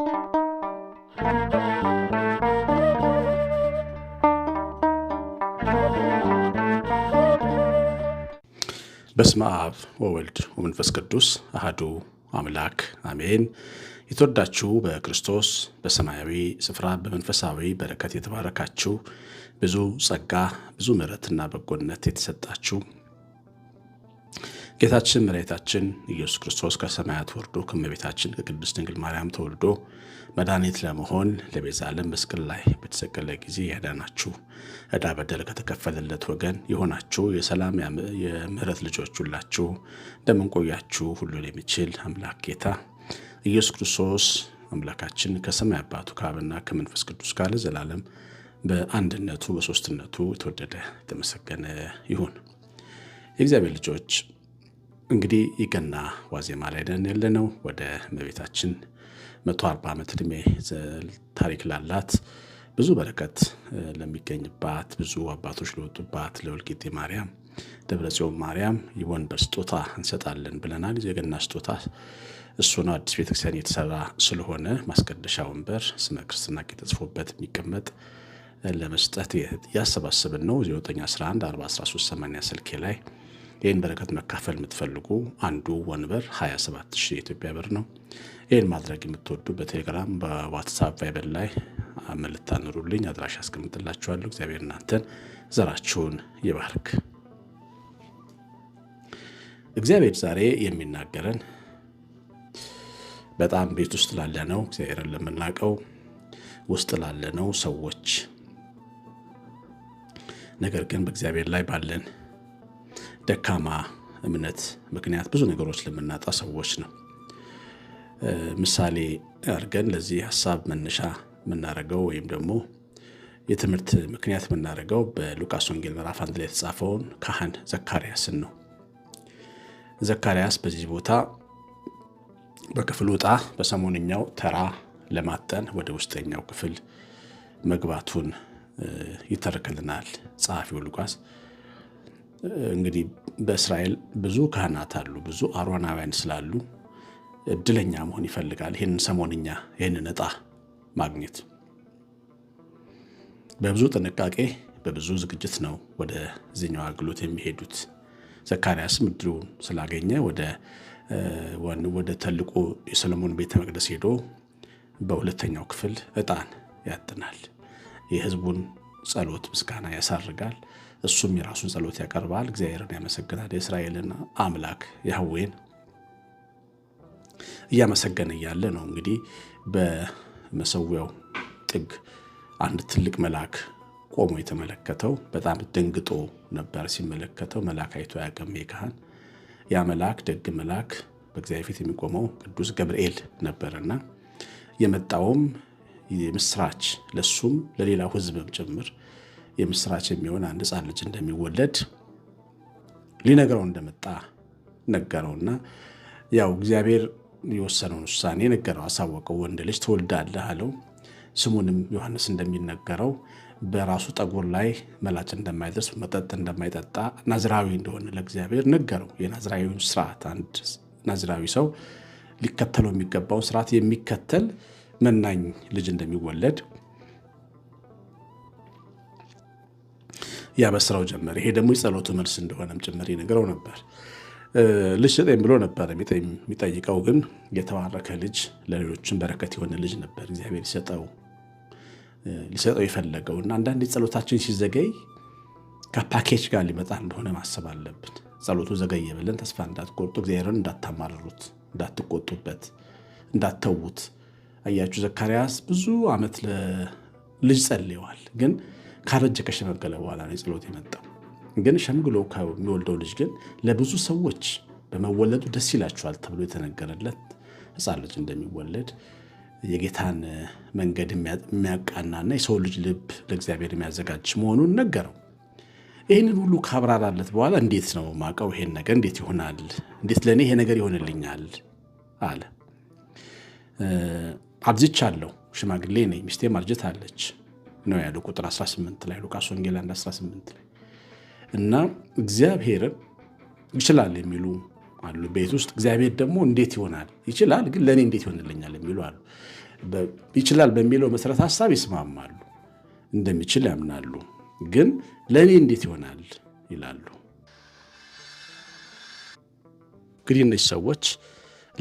በስመ አብ ወወልድ ወመንፈስ ቅዱስ አህዱ አምላክ አሜን። የተወዳችሁ በክርስቶስ በሰማያዊ ስፍራ በመንፈሳዊ በረከት የተባረካችሁ ብዙ ጸጋ ብዙ ምሕረትና በጎነት የተሰጣችሁ ጌታችን መድኃኒታችን ኢየሱስ ክርስቶስ ከሰማያት ወርዶ ከእመቤታችን ከቅድስት ድንግል ማርያም ተወልዶ መድኃኒት ለመሆን ለቤዛ ዓለም መስቀል ላይ በተሰቀለ ጊዜ ያዳናችሁ ዕዳ በደል ከተከፈለለት ወገን የሆናችሁ የሰላም የምሕረት ልጆች ሁላችሁ እንደምንቆያችሁ ሁሉን የሚችል አምላክ ጌታ ኢየሱስ ክርስቶስ አምላካችን ከሰማይ አባቱ ከአብና ከመንፈስ ቅዱስ ጋር ለዘላለም በአንድነቱ በሶስትነቱ የተወደደ የተመሰገነ ይሁን። የእግዚአብሔር ልጆች እንግዲህ የገና ዋዜማ ላይ ነን ነው። ወደ እመቤታችን 140 ዓመት ዕድሜ ታሪክ ላላት ብዙ በረከት ለሚገኝባት ብዙ አባቶች ለወጡባት ለወልቂጤ ማርያም ደብረ ጽዮን ማርያም የወንበር ስጦታ እንሰጣለን ብለናል። የገና ስጦታ እሱ ነው። አዲስ ቤተክርስቲያን የተሰራ ስለሆነ ማስቀደሻ ወንበር ስመ ክርስትና የተጽፎበት የሚቀመጥ ለመስጠት ያሰባስብን ነው። 911 413 80 ስልኬ ላይ ይህን በረከት መካፈል የምትፈልጉ አንዱ ወንበር 27 ሺህ የኢትዮጵያ ብር ነው። ይህን ማድረግ የምትወዱ በቴሌግራም በዋትሳፕ ቫይበር ላይ መልእክት አኑሩልኝ። አድራሻ አስቀምጥላችኋለሁ። እግዚአብሔር እናንተን ዘራችሁን ይባርክ። እግዚአብሔር ዛሬ የሚናገረን በጣም ቤት ውስጥ ላለነው እግዚአብሔርን ለምናውቀው ውስጥ ላለነው ሰዎች ነገር ግን በእግዚአብሔር ላይ ባለን ደካማ እምነት ምክንያት ብዙ ነገሮች ለምናጣ ሰዎች ነው። ምሳሌ አድርገን ለዚህ ሀሳብ መነሻ የምናደርገው ወይም ደግሞ የትምህርት ምክንያት የምናደርገው በሉቃስ ወንጌል ምዕራፍ አንድ ላይ የተጻፈውን ካህን ዘካርያስን ነው። ዘካርያስ በዚህ ቦታ በክፍል ውጣ በሰሞንኛው ተራ ለማጠን ወደ ውስጠኛው ክፍል መግባቱን ይተርክልናል ጸሐፊው ሉቃስ። እንግዲህ በእስራኤል ብዙ ካህናት አሉ፣ ብዙ አሮናውያን ስላሉ እድለኛ መሆን ይፈልጋል። ይህንን ሰሞንኛ ይህንን እጣ ማግኘት በብዙ ጥንቃቄ በብዙ ዝግጅት ነው ወደዚህኛው አገልግሎት የሚሄዱት። ዘካርያስም እድሉን ስላገኘ ወደ ትልቁ የሰሎሞን ቤተ መቅደስ ሄዶ በሁለተኛው ክፍል እጣን ያጥናል። የህዝቡን ጸሎት ምስጋና ያሳርጋል። እሱም የራሱን ጸሎት ያቀርባል፣ እግዚአብሔርን ያመሰግናል። የእስራኤልን አምላክ ያህዌን እያመሰገነ እያለ ነው እንግዲህ በመሰዊያው ጥግ አንድ ትልቅ መልአክ ቆሞ የተመለከተው በጣም ደንግጦ ነበር ሲመለከተው። መልአክ አይቶ ያቀም ካህን ያ መልአክ ደግ መልአክ በእግዚአብሔር ፊት የሚቆመው ቅዱስ ገብርኤል ነበርና የመጣውም ምስራች ለሱም ለሌላው ሕዝብም ጭምር የምስራች የሚሆን አንድ ሕፃን ልጅ እንደሚወለድ ሊነግረው እንደመጣ ነገረውና ያው እግዚአብሔር የወሰነውን ውሳኔ ነገረው፣ አሳወቀው። ወንድ ልጅ ትወልዳለህ አለው። ስሙንም ዮሐንስ እንደሚነገረው በራሱ ጠጉር ላይ መላጭ እንደማይደርስ መጠጥ እንደማይጠጣ ናዝራዊ እንደሆነ ለእግዚአብሔር ነገረው። የናዝራዊውን ስርዓት አንድ ናዝራዊ ሰው ሊከተለው የሚገባውን ስርዓት የሚከተል መናኝ ልጅ እንደሚወለድ ያበስረው ጀመር። ይሄ ደግሞ የጸሎቱ መልስ እንደሆነም ጭምር ይነግረው ነበር። ልጅ ብሎ ነበር የሚጠይቀው፣ ግን የተባረከ ልጅ ለሌሎችን በረከት የሆነ ልጅ ነበር እግዚአብሔር ሊሰጠው ሊሰጠው የፈለገው እና አንዳንድ ጸሎታችን ሲዘገይ ከፓኬጅ ጋር ሊመጣ እንደሆነ ማሰብ አለብን። ጸሎቱ ዘገየ ብለን ተስፋ እንዳትቆርጡ፣ እግዚአብሔርን እንዳታማርሩት፣ እንዳትቆጡበት፣ እንዳተዉት። አያችሁ ዘካርያስ ብዙ ዓመት ልጅ ጸልየዋል ግን ካረጀ ከሸመገለ በኋላ ነው የጸሎት የመጣው። ግን ሸምግሎ ከሚወልደው ልጅ ግን ለብዙ ሰዎች በመወለዱ ደስ ይላቸዋል ተብሎ የተነገረለት ሕፃን ልጅ እንደሚወለድ የጌታን መንገድ የሚያቃናና የሰው ልጅ ልብ ለእግዚአብሔር የሚያዘጋጅ መሆኑን ነገረው። ይህንን ሁሉ ካብራራለት በኋላ እንዴት ነው ማቀው? ይሄን ነገር እንዴት ይሆናል? እንዴት ለእኔ ይሄ ነገር ይሆንልኛል? አለ። አብዝቻለሁ፣ ሽማግሌ ነኝ፣ ሚስቴም አርጅታለች። ነው ያለው ቁጥር 18 ላይ ሉቃስ ወንጌል 1 18 ላይ እና እግዚአብሔርን ይችላል የሚሉ አሉ። ቤት ውስጥ እግዚአብሔር ደግሞ እንዴት ይሆናል ይችላል፣ ግን ለእኔ እንዴት ይሆንልኛል የሚሉ አሉ። ይችላል በሚለው መሰረት ሀሳብ ይስማማሉ፣ እንደሚችል ያምናሉ፣ ግን ለእኔ እንዴት ይሆናል ይላሉ። እንግዲህ እነዚህ ሰዎች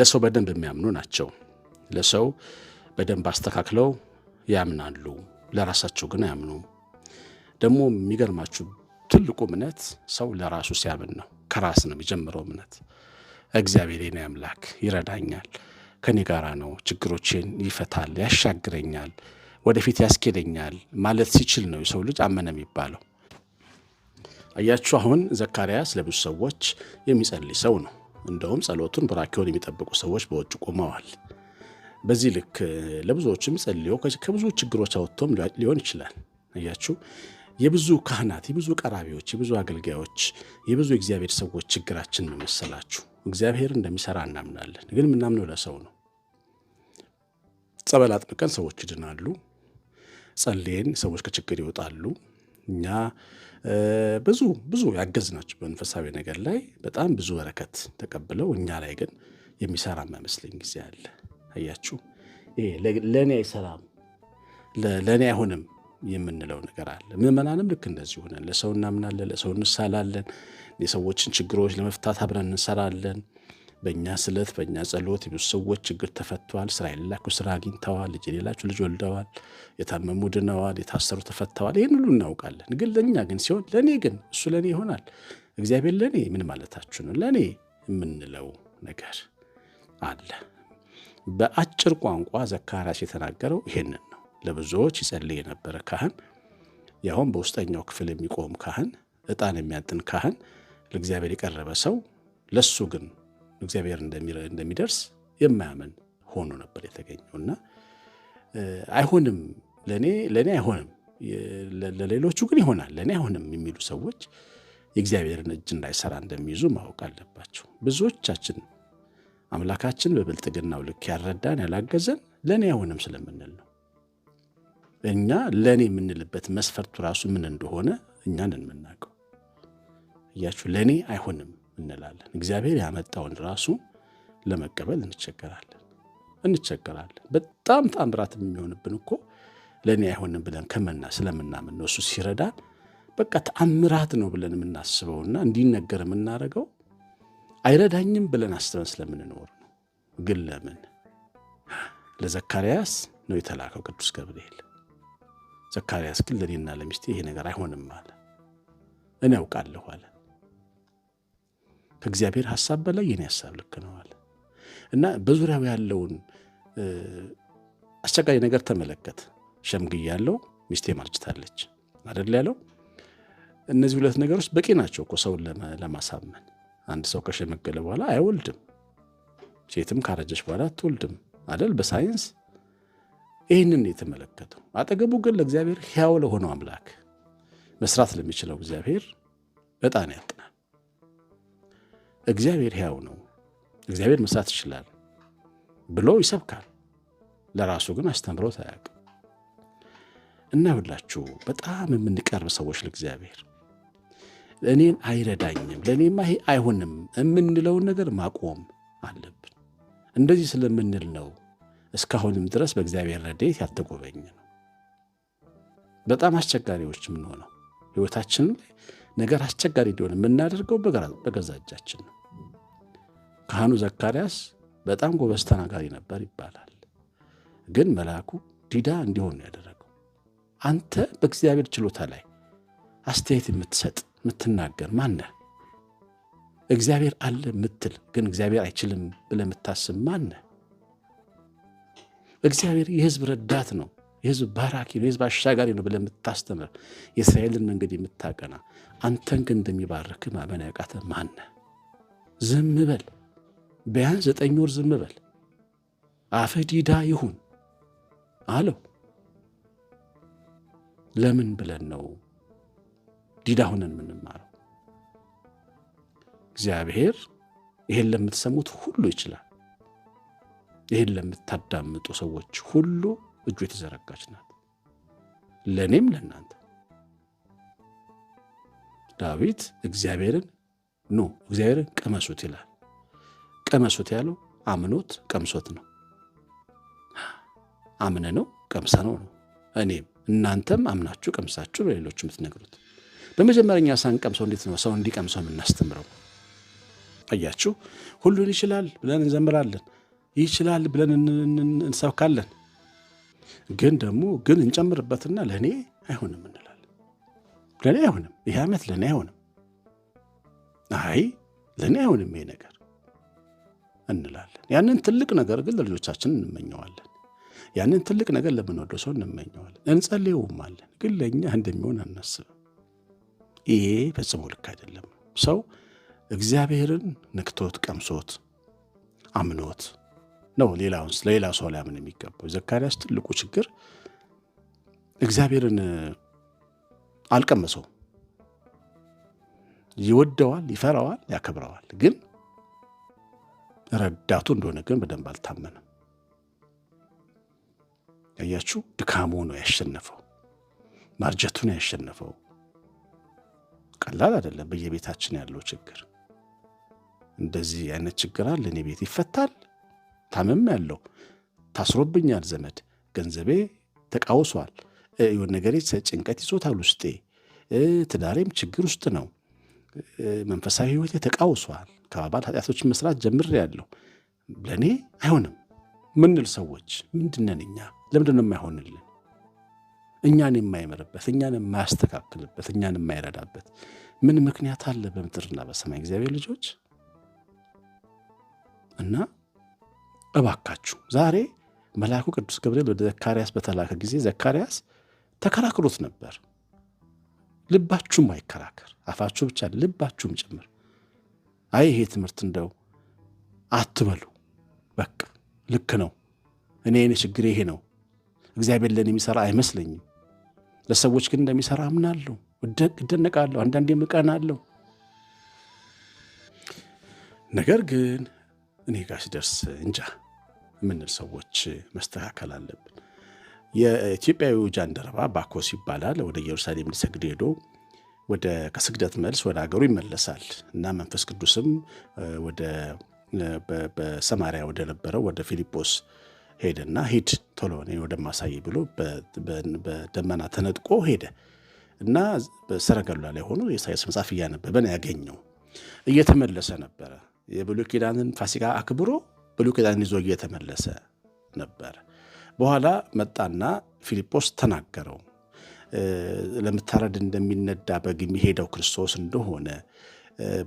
ለሰው በደንብ የሚያምኑ ናቸው። ለሰው በደንብ አስተካክለው ያምናሉ። ለራሳቸው ግን አያምኑም። ደግሞ የሚገርማችሁ ትልቁ እምነት ሰው ለራሱ ሲያምን ነው። ከራስ ነው የሚጀምረው እምነት። እግዚአብሔር የኔ አምላክ ይረዳኛል፣ ከኔ ጋራ ነው፣ ችግሮቼን ይፈታል፣ ያሻግረኛል፣ ወደፊት ያስኬደኛል ማለት ሲችል ነው የሰው ልጅ አመነ የሚባለው። አያችሁ፣ አሁን ዘካርያስ ለብዙ ሰዎች የሚጸልይ ሰው ነው። እንደውም ጸሎቱን ቡራኬውን የሚጠብቁ ሰዎች በውጭ ቆመዋል። በዚህ ልክ ለብዙዎችም ጸልዮ ከብዙ ችግሮች አወጥቶም ሊሆን ይችላል። እያችሁ የብዙ ካህናት፣ የብዙ ቀራቢዎች፣ የብዙ አገልጋዮች፣ የብዙ እግዚአብሔር ሰዎች ችግራችን መመሰላችሁ። እግዚአብሔር እንደሚሰራ እናምናለን፣ ግን የምናምነው ለሰው ነው። ጸበል አጥምቀን ሰዎች ይድናሉ። ጸልየን ሰዎች ከችግር ይወጣሉ። እኛ ብዙ ብዙ ያገዝናቸው በመንፈሳዊ ነገር ላይ በጣም ብዙ በረከት ተቀብለው እኛ ላይ ግን የሚሰራ የማይመስለኝ ጊዜ አለ። አያችሁ፣ ለእኔ አይሰራም፣ ለእኔ አይሆንም የምንለው ነገር አለ። ምዕመናንም ልክ እንደዚህ ሆነን ለሰው እናምናለን፣ ለሰው እንሳላለን፣ የሰዎችን ችግሮች ለመፍታት አብረን እንሰራለን። በእኛ ስለት በእኛ ጸሎት የብዙ ሰዎች ችግር ተፈተዋል። ስራ የሌላችሁ ስራ አግኝተዋል። ልጅ የሌላችሁ ልጅ ወልደዋል። የታመሙ ድነዋል። የታሰሩ ተፈተዋል። ይህን ሁሉ እናውቃለን። ግን ለእኛ ግን ሲሆን ለእኔ ግን እሱ ለእኔ ይሆናል። እግዚአብሔር ለእኔ ምን ማለታችሁ ነው? ለእኔ የምንለው ነገር አለ። በአጭር ቋንቋ ዘካርያስ የተናገረው ይሄንን ነው። ለብዙዎች ይጸልይ የነበረ ካህን፣ ያውም በውስጠኛው ክፍል የሚቆም ካህን፣ ዕጣን የሚያጥን ካህን፣ ለእግዚአብሔር የቀረበ ሰው፣ ለሱ ግን እግዚአብሔር እንደሚደርስ የማያምን ሆኖ ነበር የተገኘው እና አይሆንም፣ ለእኔ ለእኔ አይሆንም፣ ለሌሎቹ ግን ይሆናል፣ ለእኔ አይሆንም የሚሉ ሰዎች የእግዚአብሔርን እጅ እንዳይሰራ እንደሚይዙ ማወቅ አለባቸው ብዙዎቻችን አምላካችን በብልጥግናው ልክ ያረዳን ያላገዘን ለእኔ አይሆንም ስለምንል ነው። እኛ ለእኔ የምንልበት መስፈርቱ ራሱ ምን እንደሆነ እኛን የምናውቀው እያችሁ ለእኔ አይሆንም እንላለን። እግዚአብሔር ያመጣውን ራሱ ለመቀበል እንቸገራለን እንቸገራለን። በጣም ታምራት የሚሆንብን እኮ ለእኔ አይሆንም ብለን ከመና ስለምናምን ነው። እሱ ሲረዳን በቃ ተአምራት ነው ብለን የምናስበውና እንዲነገር የምናደርገው አይረዳኝም ብለን አስበን ስለምንኖር ነው። ግን ለምን ለዘካርያስ ነው የተላከው ቅዱስ ገብርኤል። ዘካርያስ ግን ለእኔና ለሚስቴ ይሄ ነገር አይሆንም አለ። እኔ ያውቃለሁ አለ። ከእግዚአብሔር ሀሳብ በላይ የኔ ሀሳብ ልክ ነው አለ እና በዙሪያው ያለውን አስቸጋሪ ነገር ተመለከት። ሸምግያለሁ፣ ሚስቴም አርጅታለች አይደል ያለው። እነዚህ ሁለት ነገሮች በቂ ናቸው እኮ ሰውን ለማሳመን አንድ ሰው ከሸመገለ በኋላ አይወልድም። ሴትም ካረጀች በኋላ አትወልድም አደል በሳይንስ ይህንን የተመለከተው አጠገቡ ግን ለእግዚአብሔር ሕያው ለሆነው አምላክ መስራት ለሚችለው እግዚአብሔር በጣም ያጥናል። እግዚአብሔር ሕያው ነው፣ እግዚአብሔር መስራት ይችላል ብሎ ይሰብካል። ለራሱ ግን አስተምሮት አያውቅም እና ሁላችሁ በጣም የምንቀርብ ሰዎች ለእግዚአብሔር እኔን አይረዳኝም፣ ለእኔማ ይሄ አይሆንም የምንለውን ነገር ማቆም አለብን። እንደዚህ ስለምንል ነው እስካሁንም ድረስ በእግዚአብሔር ረድኤት ያልተጎበኘ ነው። በጣም አስቸጋሪዎች የምንሆነው ህይወታችን ላይ ነገር አስቸጋሪ እንዲሆን የምናደርገው በገዛ እጃችን ነው። ካህኑ ዘካርያስ በጣም ጎበዝ ተናጋሪ ነበር ይባላል። ግን መልአኩ ዲዳ እንዲሆን ነው ያደረገው። አንተ በእግዚአብሔር ችሎታ ላይ አስተያየት የምትሰጥ የምትናገር ማነህ? እግዚአብሔር አለ የምትል ግን እግዚአብሔር አይችልም ብለህ የምታስብ ማነህ? እግዚአብሔር የህዝብ ረዳት ነው፣ የህዝብ ባራኪ ነው፣ የህዝብ አሻጋሪ ነው ብለህ የምታስተምር የእስራኤልን መንገድ የምታቀና አንተን ግን እንደሚባርክ ማመን ያቃተህ ማነህ? ዝም በል ቢያንስ ዘጠኝ ወር ዝም በል አፍህ ዲዳ ይሁን አለው። ለምን ብለን ነው ዲዳ ሆነን የምንማረው። እግዚአብሔር ይሄን ለምትሰሙት ሁሉ ይችላል። ይህን ለምታዳምጡ ሰዎች ሁሉ እጁ የተዘረጋች ናት፣ ለእኔም ለእናንተ። ዳዊት እግዚአብሔርን ኑ እግዚአብሔርን ቀመሱት ይላል። ቀመሱት ያለው አምኖት ቀምሶት ነው። አምነ ነው ቀምሰ ነው ነው። እኔም እናንተም አምናችሁ ቀምሳችሁ ለሌሎች የምትነግሩት በመጀመሪያኛ ሳንቀምሰው እንዴት ነው ሰው እንዲቀምሰው የምናስተምረው? አያችሁ፣ ሁሉን ይችላል ብለን እንዘምራለን፣ ይችላል ብለን እንሰብካለን። ግን ደግሞ ግን እንጨምርበትና ለእኔ አይሆንም እንላለን። ለእኔ አይሆንም፣ ይህ ዓመት ለእኔ አይሆንም፣ አይ ለእኔ አይሆንም ይሄ ነገር እንላለን። ያንን ትልቅ ነገር ግን ለልጆቻችን እንመኘዋለን። ያንን ትልቅ ነገር ለምንወደው ሰው እንመኘዋለን፣ እንጸልየውማለን። ግን ለእኛ እንደሚሆን አናስብም። ይሄ ፈጽሞ ልክ አይደለም። ሰው እግዚአብሔርን ንክቶት ቀምሶት አምኖት ነው ሌላውን ለሌላ ሰው ሊያምን የሚገባው። ዘካርያስ ትልቁ ችግር እግዚአብሔርን አልቀመሰው። ይወደዋል፣ ይፈራዋል፣ ያከብረዋል። ግን ረዳቱ እንደሆነ ግን በደንብ አልታመነም። ያያችሁ ድካሙ ነው ያሸነፈው፣ ማርጀቱ ነው ያሸነፈው። ቀላል አይደለም። በየቤታችን ያለው ችግር እንደዚህ አይነት ችግር አለ። እኔ ቤት ይፈታል። ታመም ያለው ታስሮብኛል፣ ዘመድ ገንዘቤ ተቃውሷል፣ የሆነ ነገር ጭንቀት ይዞታል ውስጤ፣ ትዳሬም ችግር ውስጥ ነው፣ መንፈሳዊ ህይወቴ ተቃውሷል፣ ከባባል ኃጢአቶችን መስራት ያለው ለእኔ አይሆንም ምንል ሰዎች ምንድነን እኛ? የማይሆንልን? እኛን የማይምርበት እኛን የማያስተካክልበት እኛን የማይረዳበት ምን ምክንያት አለ በምድርና በሰማይ እግዚአብሔር ልጆች? እና እባካችሁ ዛሬ መልአኩ ቅዱስ ገብርኤል ወደ ዘካርያስ በተላከ ጊዜ ዘካርያስ ተከራክሮት ነበር። ልባችሁም አይከራከር፣ አፋችሁ ብቻ ልባችሁም ጭምር አይ ይሄ ትምህርት እንደው አትበሉ፣ በቃ ልክ ነው፣ እኔ ችግር ይሄ ነው እግዚአብሔር ለእኔ የሚሰራ አይመስለኝም። ለሰዎች ግን እንደሚሰራ አምናለሁ፣ እደነቃለሁ፣ አንዳንዴም እቀናለሁ። ነገር ግን እኔ ጋር ሲደርስ እንጃ የምንል ሰዎች መስተካከል አለብን። የኢትዮጵያዊ ጃንደረባ ባኮስ ይባላል። ወደ ኢየሩሳሌም ሊሰግድ ሄዶ ወደ ከስግደት መልስ ወደ ሀገሩ ይመለሳል እና መንፈስ ቅዱስም ወደ በሰማሪያ ወደ ነበረው ወደ ፊልጶስ ሄደና ሂድ ቶሎ እኔ ወደማሳይ ብሎ በደመና ተነጥቆ ሄደ እና በሰረገላ ላይ ሆኖ የኢሳያስ መጽሐፍ እያነበበን ያገኘው። እየተመለሰ ነበረ። የብሉይ ኪዳንን ፋሲካ አክብሮ ብሉይ ኪዳንን ይዞ እየተመለሰ ነበር። በኋላ መጣና ፊልጶስ ተናገረው። ለምታረድ እንደሚነዳ በግ የሚሄደው ክርስቶስ እንደሆነ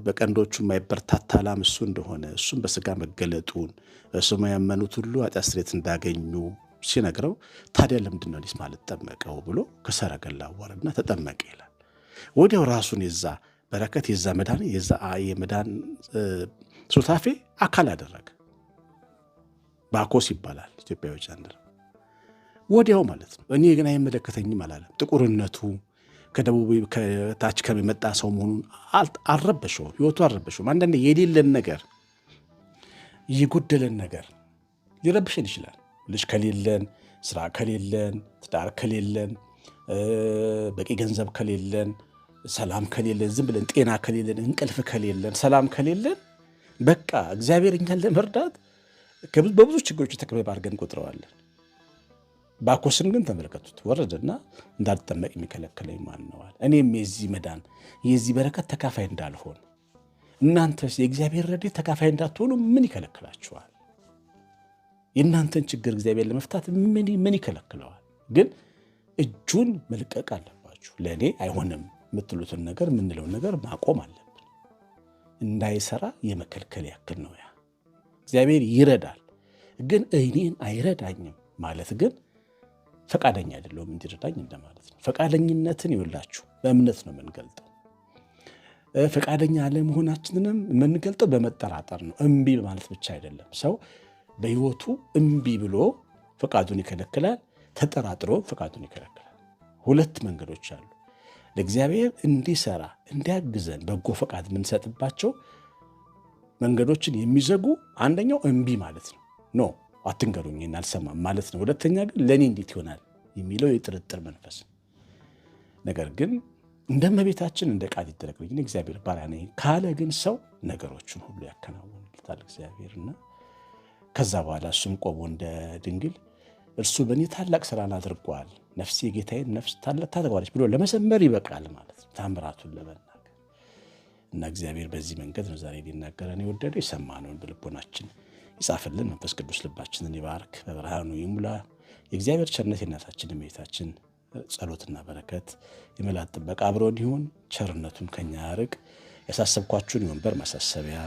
በቀንዶቹ የማይበርታታ ላም እሱ እንደሆነ እሱም በስጋ መገለጡን በስሙ ያመኑት ሁሉ ኃጢአት ስርየት እንዳገኙ ሲነግረው ታዲያ ለምንድን ነው ማለት ጠመቀው ብሎ ከሰረገላ አወረና ተጠመቀ ይላል። ወዲያው ራሱን የዛ በረከት የዛ መዳን የዛ የመዳን ሱታፌ አካል አደረገ። ባኮስ ይባላል ኢትዮጵያዊ ጃንደር ወዲያው ማለት ነው። እኔ ግን አይመለከተኝም አላለም። ጥቁርነቱ ከደቡብ ከታች ከሚመጣ ሰው መሆኑን አልረበሸውም፣ ህይወቱ አልረበሸውም። አንዳንዴ የሌለን ነገር የጎደለን ነገር ሊረብሸን ይችላል። ልጅ ከሌለን፣ ስራ ከሌለን፣ ትዳር ከሌለን፣ በቂ ገንዘብ ከሌለን፣ ሰላም ከሌለን፣ ዝም ብለን ጤና ከሌለን፣ እንቅልፍ ከሌለን፣ ሰላም ከሌለን በቃ እግዚአብሔር እኛን ለመርዳት በብዙ ችግሮች ተከበብ አድርገን ቆጥረዋለን። ባኮስን ግን ተመለከቱት። ወረደና እንዳልጠመቅ የሚከለክለኝ ማን እኔም የዚህ መዳን የዚህ በረከት ተካፋይ እንዳልሆን እናንተስ የእግዚአብሔር ረድኤት ተካፋይ እንዳትሆኑ ምን ይከለክላችኋል? የእናንተን ችግር እግዚአብሔር ለመፍታት ምን ይከለክለዋል? ግን እጁን መልቀቅ አለባችሁ። ለእኔ አይሆንም የምትሉትን ነገር የምንለውን ነገር ማቆም አለብን። እንዳይሰራ የመከልከል ያክል ነው ያ። እግዚአብሔር ይረዳል፣ ግን እኔን አይረዳኝም ማለት ግን ፈቃደኛ አይደለሁም እንዲረዳኝ እንደማለት ነው። ፈቃደኝነትን ይውላችሁ በእምነት ነው የምንገልጠው። ፈቃደኛ አለመሆናችንንም የምንገልጠው በመጠራጠር ነው። እምቢ ማለት ብቻ አይደለም። ሰው በህይወቱ እምቢ ብሎ ፈቃዱን ይከለክላል፣ ተጠራጥሮ ፈቃዱን ይከለክላል። ሁለት መንገዶች አሉ። ለእግዚአብሔር እንዲሰራ እንዲያግዘን በጎ ፈቃድ የምንሰጥባቸው መንገዶችን የሚዘጉ አንደኛው እምቢ ማለት ነው። ኖ አትንገሩኝ አልሰማም ማለት ነው። ሁለተኛ ግን ለእኔ እንዴት ይሆናል የሚለው የጥርጥር መንፈስ ነገር ግን እንደ እመቤታችን እንደ ቃል ይደረግልኝ እግዚአብሔር ባሪያ ነኝ ካለ ግን ሰው ነገሮችን ሁሉ ያከናውንልታል እግዚአብሔርና ከዛ በኋላ እሱም ቆቦ እንደ ድንግል እርሱ በእኔ ታላቅ ስራን አድርጓል፣ ነፍሴ የጌታዬን ነፍስ ታደርገዋለች ብሎ ለመሰመር ይበቃል ማለት ነው፣ ታምራቱን ለመናገር እና እግዚአብሔር በዚህ መንገድ ነው ዛሬ ሊናገረን የወደደው የሰማነውን በልቦናችን ይጻፍልን። መንፈስ ቅዱስ ልባችንን ይባርክ፣ በብርሃኑ ይሙላ። የእግዚአብሔር ቸርነት የእናታችን የእመቤታችን ጸሎትና በረከት የመላት ጥበቃ አብሮ እንዲሆን ቸርነቱን ከኛ ያርቅ። ያሳሰብኳችሁን የወንበር ማሳሰቢያ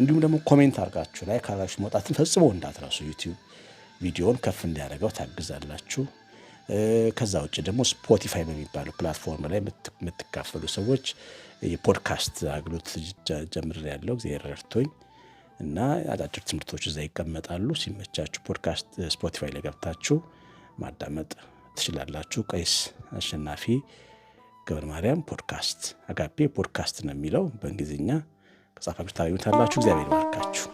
እንዲሁም ደግሞ ኮሜንት አርጋችሁ ላይ ካላችሁ መውጣትን ፈጽሞ እንዳትረሱ። ዩቲዩብ ቪዲዮን ከፍ እንዲያደርገው ታግዛላችሁ። ከዛ ውጭ ደግሞ ስፖቲፋይ በሚባለው ፕላትፎርም ላይ የምትካፈሉ ሰዎች የፖድካስት አገልግሎት ጀምር ያለው እግዚአብሔር ረድቶኝ እና አጫጭር ትምህርቶች እዛ ይቀመጣሉ። ሲመቻችሁ ፖድካስት ስፖቲፋይ ላይ ገብታችሁ ማዳመጥ ትችላላችሁ። ቀሲስ አሸናፊ ገብረ ማርያም ፖድካስት አጋፔ ፖድካስት ነው የሚለው በእንግሊዝኛ ከጻፋችሁ ታገኙታላችሁ። እግዚአብሔር ይባርካችሁ።